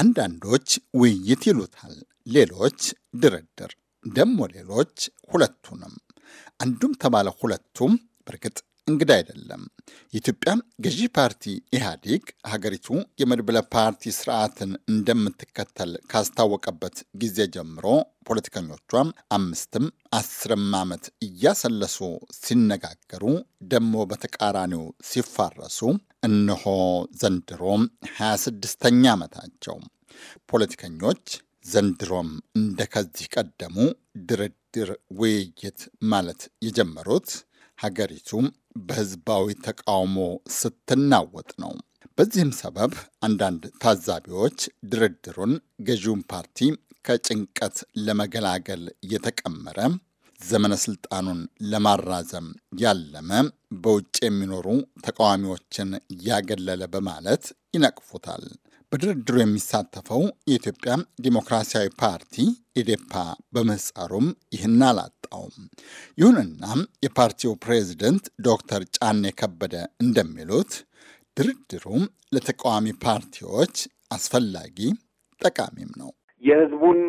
አንዳንዶች ውይይት ይሉታል፣ ሌሎች ድርድር፣ ደሞ ሌሎች ሁለቱንም። አንዱም ተባለ ሁለቱም። በእርግጥ እንግዳ አይደለም። የኢትዮጵያ ገዢ ፓርቲ ኢህአዴግ ሀገሪቱ የመድብለ ፓርቲ ስርዓትን እንደምትከተል ካስታወቀበት ጊዜ ጀምሮ ፖለቲከኞቿ አምስትም አስርም ዓመት እያሰለሱ ሲነጋገሩ ደግሞ በተቃራኒው ሲፋረሱ እነሆ ዘንድሮ 26ኛ ዓመታቸው። ፖለቲከኞች ዘንድሮም እንደከዚህ ቀደሙ ድርድር፣ ውይይት ማለት የጀመሩት ሀገሪቱ በህዝባዊ ተቃውሞ ስትናወጥ ነው። በዚህም ሰበብ አንዳንድ ታዛቢዎች ድርድሩን ገዢውን ፓርቲ ከጭንቀት ለመገላገል የተቀመረ ዘመነ ስልጣኑን ለማራዘም ያለመ በውጭ የሚኖሩ ተቃዋሚዎችን ያገለለ በማለት ይነቅፉታል። በድርድሩ የሚሳተፈው የኢትዮጵያ ዲሞክራሲያዊ ፓርቲ ኢዴፓ በምህጻሩም ይህን አላጣውም። ይሁንና የፓርቲው ፕሬዚደንት ዶክተር ጫኔ ከበደ እንደሚሉት ድርድሩ ለተቃዋሚ ፓርቲዎች አስፈላጊ ጠቃሚም ነው። የህዝቡን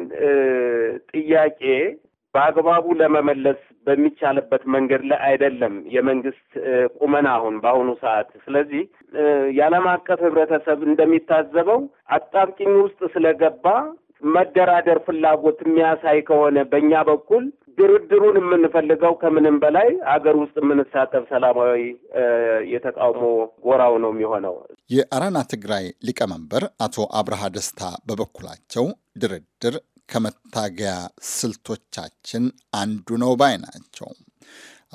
ጥያቄ በአግባቡ ለመመለስ በሚቻልበት መንገድ ላይ አይደለም የመንግስት ቁመና አሁን በአሁኑ ሰዓት። ስለዚህ የዓለም አቀፍ ህብረተሰብ እንደሚታዘበው አጣብቂኝ ውስጥ ስለገባ መደራደር ፍላጎት የሚያሳይ ከሆነ በእኛ በኩል ድርድሩን የምንፈልገው ከምንም በላይ አገር ውስጥ የምንሳተፍ ሰላማዊ የተቃውሞ ጎራው ነው የሚሆነው። የአረና ትግራይ ሊቀመንበር አቶ አብርሃ ደስታ በበኩላቸው ድርድር ከመታገያ ስልቶቻችን አንዱ ነው ባይ ናቸው።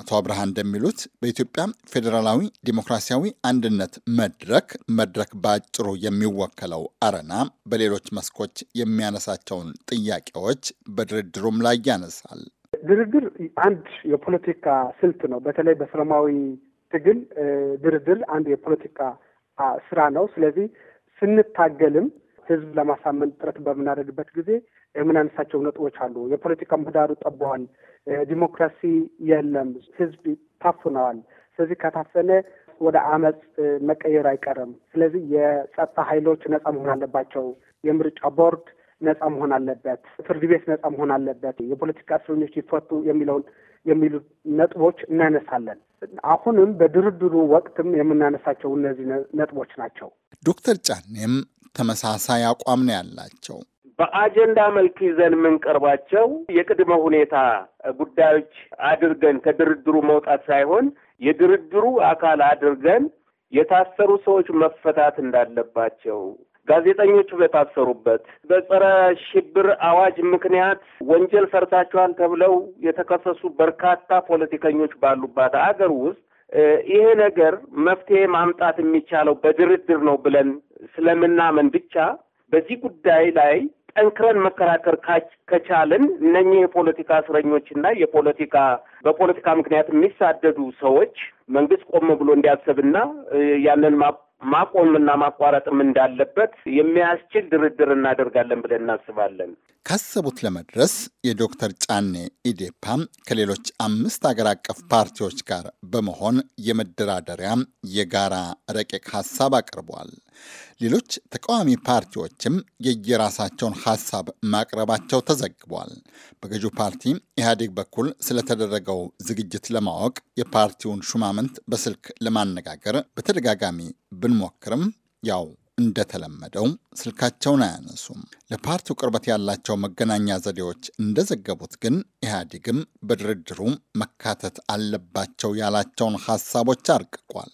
አቶ አብርሃ እንደሚሉት በኢትዮጵያ ፌዴራላዊ ዴሞክራሲያዊ አንድነት መድረክ መድረክ በአጭሩ የሚወከለው አረና በሌሎች መስኮች የሚያነሳቸውን ጥያቄዎች በድርድሩም ላይ ያነሳል። ድርድር አንድ የፖለቲካ ስልት ነው። በተለይ በሰላማዊ ትግል ድርድር አንድ የፖለቲካ ስራ ነው። ስለዚህ ስንታገልም ህዝብ ለማሳመን ጥረት በምናደርግበት ጊዜ የምናነሳቸው ነጥቦች አሉ። የፖለቲካ ምህዳሩ ጠቧል፣ ዲሞክራሲ የለም፣ ህዝብ ታፍነዋል። ስለዚህ ከታፈነ ወደ አመፅ መቀየር አይቀርም። ስለዚህ የጸጥታ ኃይሎች ነጻ መሆን አለባቸው። የምርጫ ቦርድ ነጻ መሆን አለበት። ፍርድ ቤት ነጻ መሆን አለበት። የፖለቲካ እስረኞች ይፈቱ የሚለውን የሚሉ ነጥቦች እናነሳለን። አሁንም በድርድሩ ወቅትም የምናነሳቸው እነዚህ ነጥቦች ናቸው። ዶክተር ጫኔም ተመሳሳይ አቋም ነው ያላቸው። በአጀንዳ መልክ ይዘን የምንቀርባቸው የቅድመ ሁኔታ ጉዳዮች አድርገን ከድርድሩ መውጣት ሳይሆን የድርድሩ አካል አድርገን የታሰሩ ሰዎች መፈታት እንዳለባቸው ጋዜጠኞቹ በታሰሩበት በጸረ ሽብር አዋጅ ምክንያት ወንጀል ሰርታችኋል ተብለው የተከሰሱ በርካታ ፖለቲከኞች ባሉባት አገር ውስጥ ይሄ ነገር መፍትሄ ማምጣት የሚቻለው በድርድር ነው ብለን ስለምናምን ብቻ በዚህ ጉዳይ ላይ ጠንክረን መከራከር ከቻልን እነኚህ የፖለቲካ እስረኞችና የፖለቲካ በፖለቲካ ምክንያት የሚሳደዱ ሰዎች መንግስት ቆም ብሎ እንዲያስብና ያንን ማቆምና ማቋረጥም እንዳለበት የሚያስችል ድርድር እናደርጋለን ብለን እናስባለን። ካሰቡት ለመድረስ የዶክተር ጫኔ ኢዴፓ ከሌሎች አምስት አገር አቀፍ ፓርቲዎች ጋር በመሆን የመደራደሪያ የጋራ ረቂቅ ሀሳብ አቅርቧል። ሌሎች ተቃዋሚ ፓርቲዎችም የየራሳቸውን ሀሳብ ማቅረባቸው ተዘግቧል። በገዢው ፓርቲ ኢህአዴግ በኩል ስለተደረገው ዝግጅት ለማወቅ የፓርቲውን ሹማምንት በስልክ ለማነጋገር በተደጋጋሚ ብንሞክርም ያው እንደተለመደው ስልካቸውን አያነሱም። ለፓርቲው ቅርበት ያላቸው መገናኛ ዘዴዎች እንደዘገቡት ግን ኢህአዴግም በድርድሩ መካተት አለባቸው ያላቸውን ሀሳቦች አርቅቋል።